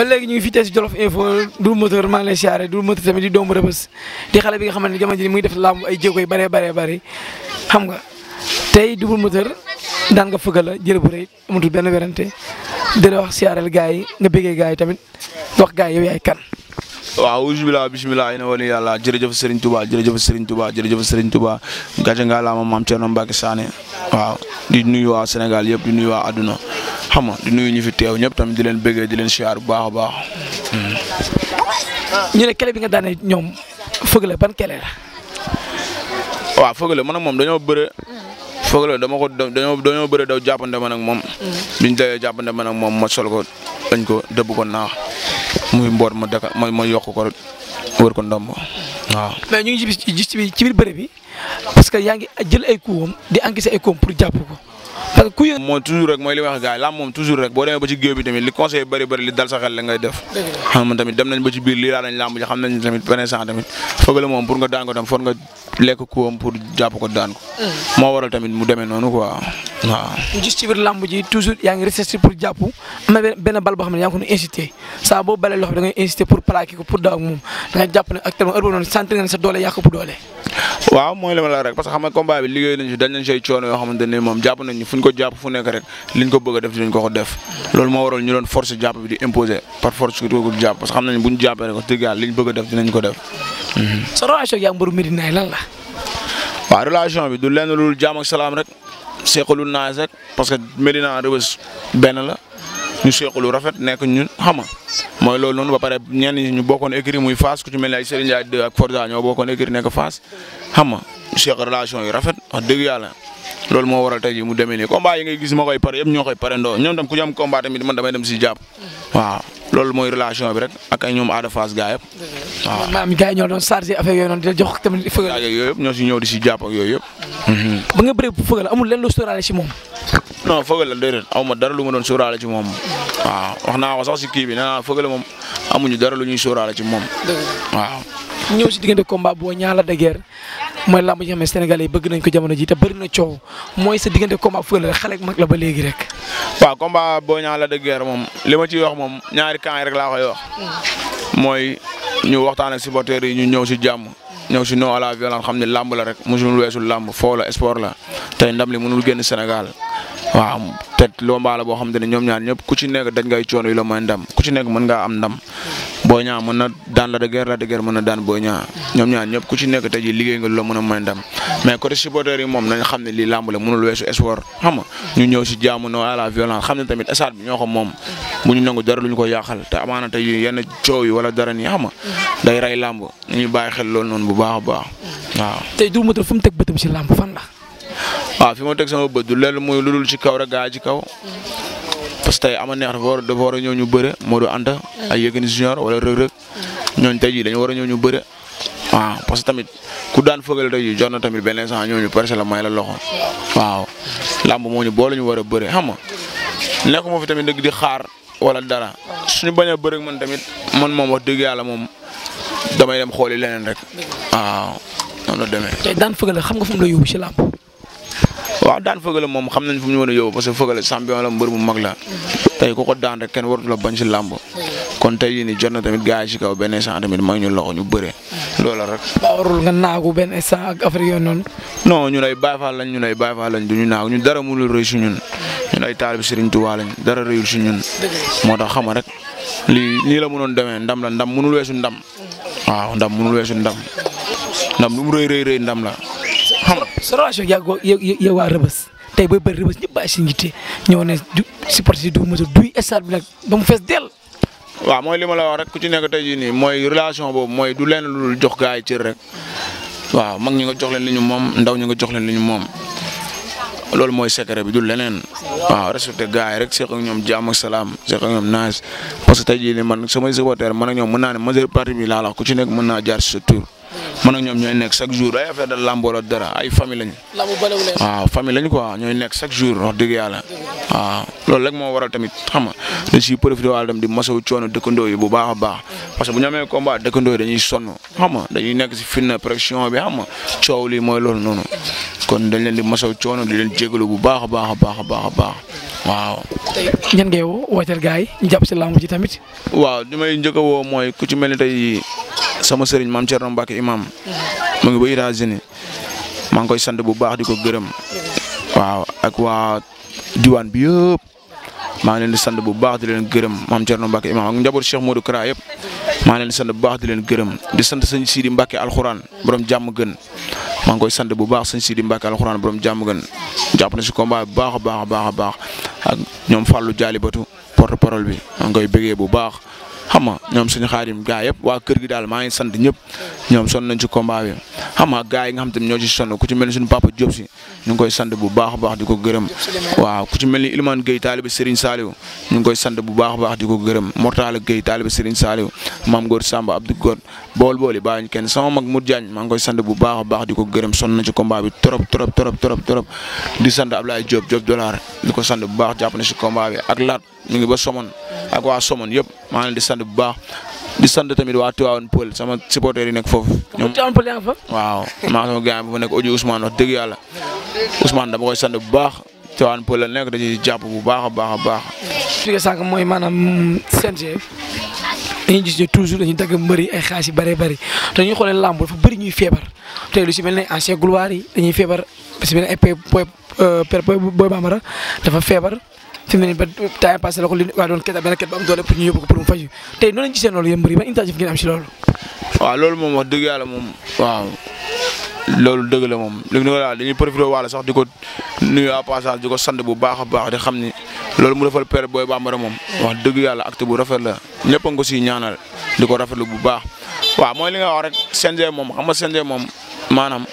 ba léegi ñu ngi fi tey si Jolof Info Double Moteur maa ngi lay siyaare Double Moteur tamit di doomu Rebeuss di xale bi nga xamante ne jamono ji muy def làmb ay jéego yu bëree bëree xam nga tey Double Moteur daan nga fëgg la bu rëy amatul benn werante di la wax siyaareel gars yi nga bëggee gars yi tamit wax gars yi yow yaay kan. waaw bisimilah bisimilah jërëjëf Serigne Touba jërëjëf Serigne Touba jërëjëf Serigne Touba gàcce nga laa ma maam Thierno Mbacke Sané waaw di nuyu waa Sénégal yëpp di nuyu waa àdduna xam nga di nuyu ñu fi teew ñëpp tamit di leen bëggee di leen siyaar bu baax a baax. ñu ne kele bi nga daane ñoom Feugeleu ban kele la. waaw Feugeleu man ak moom dañoo bëre. Mm. Feugeleu dama ko dañoo dañoo bëre daw jàppante man ak moom. Mm. biñ dawee jàppante man ak moom ma sol ko dañ ko dëbb ko naax muy mboor ma daka mooy ma yokk ko wër ko ndomb waaw. mais ñu ngi ci biir ci biir bëre parce que yaa ngi jël ay coups di encaisser ay coups pour jàpp ko. parce que ku yëg mooy toujours rek mooy li wax gars yi lam moom toujours rek boo demee ba ci géew bi tamit li conseil bëri bëri li dal sa xel la ngay def xam nga tamit dem nañ ba ci biir lii laa nañ làmb ji xam nañ tamit benn sant tamit fëgale moom pour nga daan ko tam lekk kuwam pour jàpp ko daan ko. Euh. moo waral tamit mu demee noonu quoi waaw. ñu gis ci yaa ngi recherché pour jàpp am na bal boo xam ne yaa ngi ko doon boo balee loxo bi nañ ko jàpp def dinañ ko def Mm-hmm. sa relation ak yaa mbëru Medina yi lan la. waaw relation bi du lenn lu jaam ak salaam rek seqalul naaj rek parce que Medina Rebeuss benn la ñu lu rafet nekk ñun xam nga mooy lool noonu ba pare ñenn ñi ñu bokkoon écrit muy Fass ku ci mel ni ay Serigne Ndiaye 2 ak Forza ñoo bokkoon écrit nekk Fass xam nga seq relation yi rafet wax dëgg yàlla. loolu moo waral te jii mu demee nii combat yi ngay gis moo koy pare yëpp ñoo koy pare ndoo ñoo tam ku ñu am combat tamit man damay dem jàpp waaw. loolu mooy relation bi rek ak ñoom aada Fass gaa yëpp. waaw maam gaa yi ñoo doon chargé affaire yooyu noonu di la jox tamit fëgal. yooyu yëpp ñoo si ñëw di si jàpp ak yooyu yëpp. Mm-hmm. ba nga bëree fëgal amul lenn loo sóoraale si moom. non fëgal la déedéet aw ma dara lu ma doon sóoraale ci moom. waaw wax naa ko sax si kii bi nee naa fëgal moom amuñu dara lu ñuy sóoraale ci moom. waaw. ñëw si diggante combat boo ñaala de guerre mooy lamb ji nga xam ne yi bëgg nañ ko jamono ji te bëri na coow mooy sa diggante combat fële rek xale mag la ba léegi rek. waaw combat boo Niang la de guerre moom li ma ciy wax moom ñaari camp rek laa koy wax. mooy ñu waxtaan si supporters yi ñu ñëw si jàmm. ñëw si non à la violence xam ne làmb la rek mosul weesu làmb foo la sport la te ndam li mënul génn Sénégal. waaw te loo mbaala boo xam te ne ñoom ñaar ñëpp ku ci nekk dañ ngay coono yi la mooy ndam ku ci nekk mën ngaa am ndam Boy Niang mën na daan Lac de Guiers Lac de Guiers mën na daan Boy Niang ñoom ñaar ñëpp ku ci nekk tey jii liggéey nga loo mën a may ndam mais ko te amaana yi wala dara xam nga day rey làmb a lu dul ci kaw rek gaa ci kaw parce que tey ama neex dafa war dafa war a ñëw ñu bëre Modou Anta ay Yékini Junior wala Reug Reug ñooñu tey jii dañu war a ñëw ñu bëre waaw parce que tamit ku daan fëgal tey jii jox na tamit benn sant ñooñu parce que la may la loxo waaw làmb moo ñu boole ñu war a bëre xam nga nekkuma fi tamit dëgg di xaar wala dara suñu bañ a bëre man tamit man moom wax dëgg yàlla moom damay dem xooli leneen rek waaw noonu la demee. tey daan fëgal xam nga fu mu la yóbbu ci làmb. waaw daan Feugeuleu moom xam nañ fu mu ñu mën a yóbbu parce que Feugeuleu champion la mbër mu mag la tey ku ko daan rek kenn waratu la bañ si làmb kon tey jii nii jot na tamit gars yi si kaw benn instant tamit may ñu loxo ñu bëre loola rek. waaw warul nga naagu benn instant ak affaire yooyu noonu. non ñun ay Baay Faal lañ ñun ay lañ du ñu naagu ñun dara mënul rëy si ñun ñun ay taalibe Serigne Touba lañ dara rëyul si ñun. moo tax xama rek lii nii la mënoon demee ndam la ndam mënul weesu ndam. waaw ndam mënul weesu ndam ndam lu mu rëy rëy rëy ndam la Sorage yaa ko yow waa Rëbës tey booy bëri Rëbës ñëpp bàyyi si njiite ñëw ne du supporté si du mos a duy stade bi nag ba mu fees dell. waa mooy li ma la wax rek ku ci nekk tey jii nii mooy relation boobu mooy du leen lu jox gars yi rek waaw mag ñi nga jox leen li ñu moom ndaw ñi nga jox leen li ñu moom loolu mooy secret bi du leneen waaw respecté gars rek seq ñoom jàmm ak salaam seq ak ñoom naaj parce que tey jii nii man samay supporters man ak ñoom mën naa ne majeure partie bi laal la ku nekk mën naa jaar sa tur man ak ñoom ñooy nekk chaque jour ay affaire de lambooloo dara ay famille lañu. waaw famille lañu quoi ñooy nekk chaque jour wax dëgg yàlla. waaw loolu rek moo waral tamit xam nga da ciy profité waale dem di masawu coono dëkkandoo yi bu baax a baax parce que bu ñu amee combat dëkkandoo yi dañuy sonn xam nga dañuy nekk ci fitna pression bi xam nga coow lii mooy loolu noonu kon dañ leen di masawu coono di leen jégalu bu baax a baax baax a baax a baax waaw. ñan ngay woo wooteel gars yi ñu jàpp ci làmb ji tamit. waaw li may njëkk a woo mooy ku ci mel ni tey sama sëriñ maam Thierno Mbacke imam mu ngi ba États-Unis maa ngi koy sant bu baax di ko gërëm diwaan bi yëpp maa ngi di sant bu baax di leen gërëm maam Thierno Mbacke imaam ak njaboot Cheikh Modou Kara yëpp maa ngi leen di sant bu baax di leen gërëm di sant sëñ Sidi Mbacke alxuraan borom jàmm gën maa ngi koy sant bu baax sëñ Sidi Mbacke alxuraan borom jàmm gën jàpp na si combat bu baax a baax a baax ak ñoom Fallou Dialibatu porte parole bi maa ngi koy bu baax xam nga ñoom suñu xaadim gaa yëpp waa kër gi daal maa ngi sant ñëpp ñoom sonn nañ ci combat bi gaa yi nga xam te ñoo ci sonn ku ci mel ni suñu papa Diop si ñu ngi koy sant bu baax a baax di ko gërëm waaw ku ci mel ni Ilimane Gueye taaliba Serigne Saliou ñu ngi koy sant bu baax a baax di ko gërëm Mortala Gueye taaliba Serigne Saliou Mame Gor Samba Abdou Gor bool bool yi bàyyiñ kenn sama mag Mour Diagne maa ngi koy sand bu baax a baax di ko gërëm sonn na ci combat bi trop trop trop trop trop di sant Ablaye joob Diop dollar di ko sand bu baax jàpp na ci combat ak laat mi ngi ba Somone ak waa Somone yëpp maa leen di sand bu baax di sant tamit waa Tivaouane Peulh sama supporters yi nekk foofu. ñoom Tivaouane Peulh waaw maa sama gars bu fa nekk Oudjou Ousmane wax dëgg yàlla Ousmane dama koy sand bu baax Tivaouane Peulh la nekk dañuy jàpp bu baax a baax a baax. su fekkee sànq mooy maanaam CNG dañuy gis ne toujours dañuy dagg mbëri ay xaalis yu bëree bëri te ñu xoolee làmb dafa bëri ñuy feebar tey lu si mel ne ancien gloire yi dañuy feebar parce que ay per booy bambara dafa feebar. fi mu ne ba temps passé la ko li waa doon ket benn ket ba am doole pour ñu yóbbu ko pour mu faju tey noonu noonu yéen mbir yi loolu waaw loolu moom wax dëgg yàlla moom waaw loolu dëgg la moom sax di ko ko sant bu baax a baax di xam ni loolu mu defal père Boy Bambara moom wax dëgg yàlla acte bu rafet la ñëpp a ngi ko ñaanal di ko rafetlu bu baax. waaw mooy li nga wax rek CNG moom xam nga CNG moom maanaam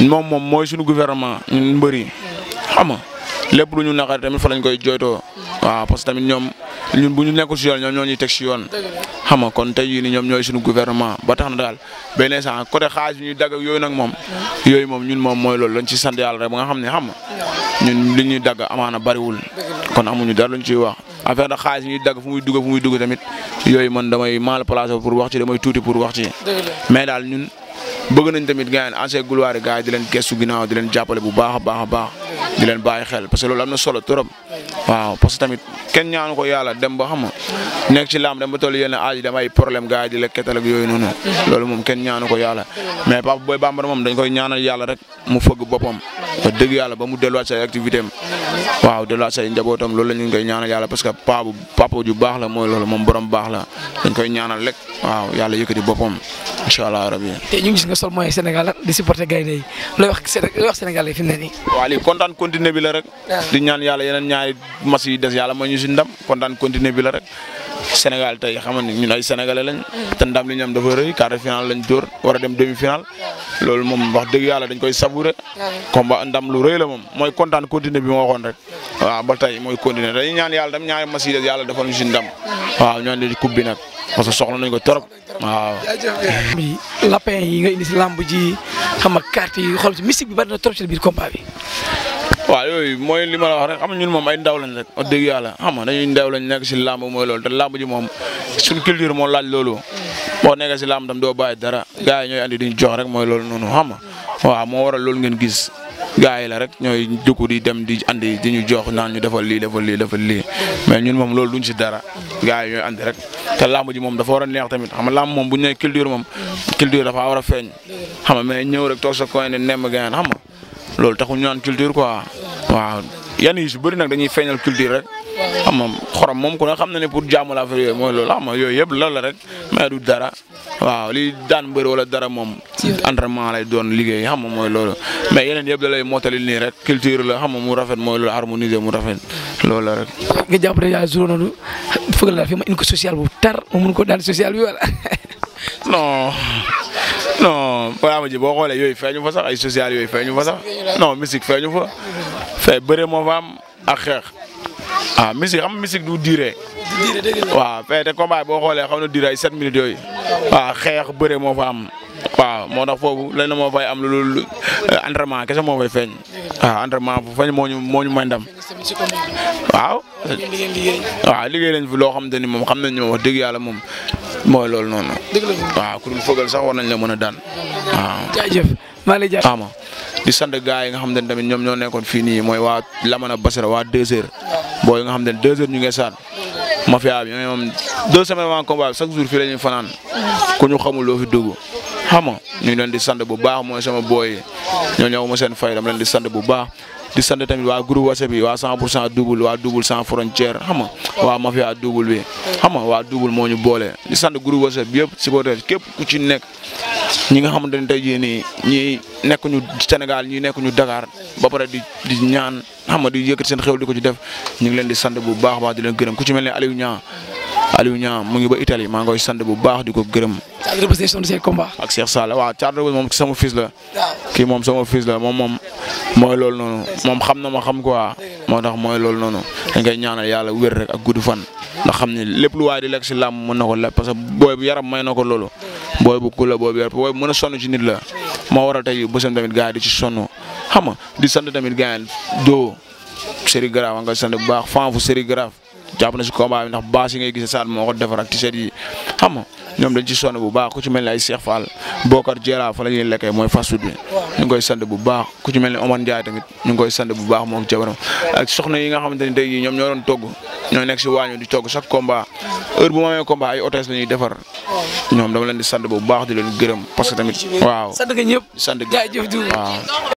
moom moom mooy suñu guvernement ñun mbër yi xam lépp lu ñu naqari tamit fa lañ koy jooytoo waaw parce que tamit ñoom ñun bu ñu nekku si yoon ñoom ñoo ñuy teg si yoon xam nga kon tey ni ñoom ñooy sunu gouvernement ba tax na daal benn instant côté xaalis bi ñu dagg ak yooyu nag moom hmm. yooyu moom ñun moom mooy loolu lañ ci sant yàlla rek ba nga xam ne xam nga hmm. ñun li ñuy dagg amaan amaana bariwul kon amuñu daal luñ ci wax affaire da xaalis ñuy dagg fu muy dugg muy dugg tamit yooyu man damay mal placé pour wax ci damay tuuti pour wax ci mais daal ñun bëgg nañ tamit gars yi ancien gloire leen gestu ginnaaw di leen jàppale bu baax a baax a baax di leen bàyyi xel parce que loolu am na solo trop waaw parce que tamit kenn ñaanu ko yàlla dem ba xam nekk ci laam dem ba toll yenn aaj damay problème gars di la ketal ak yooyu noonu mhm. loolu moom kenn ñaanu ko yàlla mais Papa Boy Bambara moom dañ koy ñaanal yàlla rek mu fëgg boppam a dëgg yàlla ba mu delluwaat say activité waaw delluwaat say njabootam loolu la ñu koy ñaanal yàlla parce papa papa baax la mooy loolu moom borom baax la dañ koy ñaanal rek waaw yàlla yëkkati boppam incha allah rabi. te ay match yi des yàlla mooy ñu si ndam kon bi la rek Sénégal tey xam nga ñun lañ. Mm. te ndam li ñu am dafa rëy quart de finale lañ dóor war a dem demi finale. loolu moom wax dëgg yàlla dañ koy savourer. combat ndam lu rëy la moom mooy kontaan continuer bi ma waxoon rek. waaw ba tey mooy continuer dañuy ñaan yàlla dem ñaari match yi des yàlla defal ñu si ndam. Mm. waaw ñoo ngi leen bi nag parce soxla nañ ko trop waaw. lapin yi nga indi si lamb ji xam nga si mystique bi bari trop si biir waa yooyu mooy li rek xam ñun moom ay ndaw lañ rek wax dëgg yàlla xam nga dañuy ndaw lañ nekk si làmb mooy loolu te làmb ji moom suñ moo laaj loolu boo nekkee si làmb tam doo bàyyi jox rek mooy loolu noonu xam nga waaw moo loolu ngeen gis gars yi la rek ñooy dugg di dem di andi di ñu jox naan ñu defal lii defal lii defal lii mais ñun moom loolu duñ si dara gars yi ñooy andi rek te làmb ji moom dafa war a neex tamit xam nga làmb moom bu ñu nee culture moom culture dafa war a feeñ xam nga mais ñëw rek toog sa coin ne nemm gaan xam nga loolu taxul ñu naan culture quoi waaw yan yi si bëri nag dañuy feeñal culture rek xam nga xorom moom ku ne xam na ne pour jaamu la fa mooy loolu xam yooyu yëpp loolu la rek mais du dara waaw li daan bëri wala dara moom entraînement lay doon liggéey xam nga mooy loolu mais yeneen yëpp da lay mootali nii rek culture la xam nga mu rafet mooy loolu harmoniser mu rafet loolu la rek. nga jàpp ne yaa juróom noonu fëgal la fi ma indi ko social bu tar ma mun non làmb ji boo xoolee yooyu feeñu fa sax ay social yooyu feeñu fa sax non musique feeñu fa fee bëre moo fa am ak xeex ah musique am musique du duré. waaw fee te combat boo xoolee xam na duré ay 7 minutes yooyu waaw ah, xeex bëre moo fa am. waaw moo tax foofu lenn moo fay am lu euh, entraînement kese moo fay feeñ. waaw ah, entraînement bu feeñ moo ñu moo ñu may ndam. waaw. waaw liggéey ah, lañ fi loo xamante ni moom xam nañ ne wax dëgg yàlla moom mooy loolu noonu. dëgg waaw ku dul fëgal sax war nañ la mën a daan waaw. jaajëf maa lay jaajëf ama di sant gars yi nga xam ne tamit ñoom ñoo nekkoon fii nii mooy waa Lamana Basara waa 2h. booy nga xam ne 2h ñu ngi saat mafia bi moom deux semaines avant combat bi chaque jour fi la fanaan ku ñu xamul loo fi dugg xam nga ñu ngi leen di sant bu baax mooy sama booy ñoo ñëw ma seen fay dama leen di sant bu baax di sant tamit waa groupe WhatsApp bi waa 100 pour cent double waa double sans frontière xam nga waa mafia double bi xam nga waa double moo ñu boole di sant groupe WhatsApp bi yëpp supporter képp ku ci nekk ñi nga xamante ne tey jii nii ñi nekkuñu ñu Sénégal ñi nekk ñu Dakar ba pare di di ñaan xam nga di yëkkati seen xew di ko ci def ñu ngi leen di sant bu baax baax di leen gërëm ku ci mel ne Aliou Niang Aliou Niang mu ngi ba Italie maa ngi koy sant bu baax di ko gërëm. ak représentation de ses combats. ak Cheikh Sall la. kii moom sama fils moom moom mooy loolu noonu moom xam na ma xam quoi moo tax mooy loolu noonu dañ koy ñaanal yàlla wér rek ak gudd fan. ndax xam ni lépp lu waay lekk si làmb mën na ko lekk parce que booy bu yaram may na ko loolu. booy bu kula booy bu yaram booy a sonn ci nit la. moo waral tey bësam tamit gars yi di ci sonn xam nga di sant tamit gars yi doo nga sant bu baax fan fu Serigne Graf jàpp na si combat bi ndax baas yi ngay gisee saal moo ko defar ak t yi xam ñoom dañ ci sonn bu baax ku mel ni ay Cheikh ñoom ñoo doon togg ñoo nekk si waañu di togg chaque combat heure bu ma amee combat ay hôtesse la ñuy defar ñoom dama leen di bu baax di leen gërëm parce tamit waaw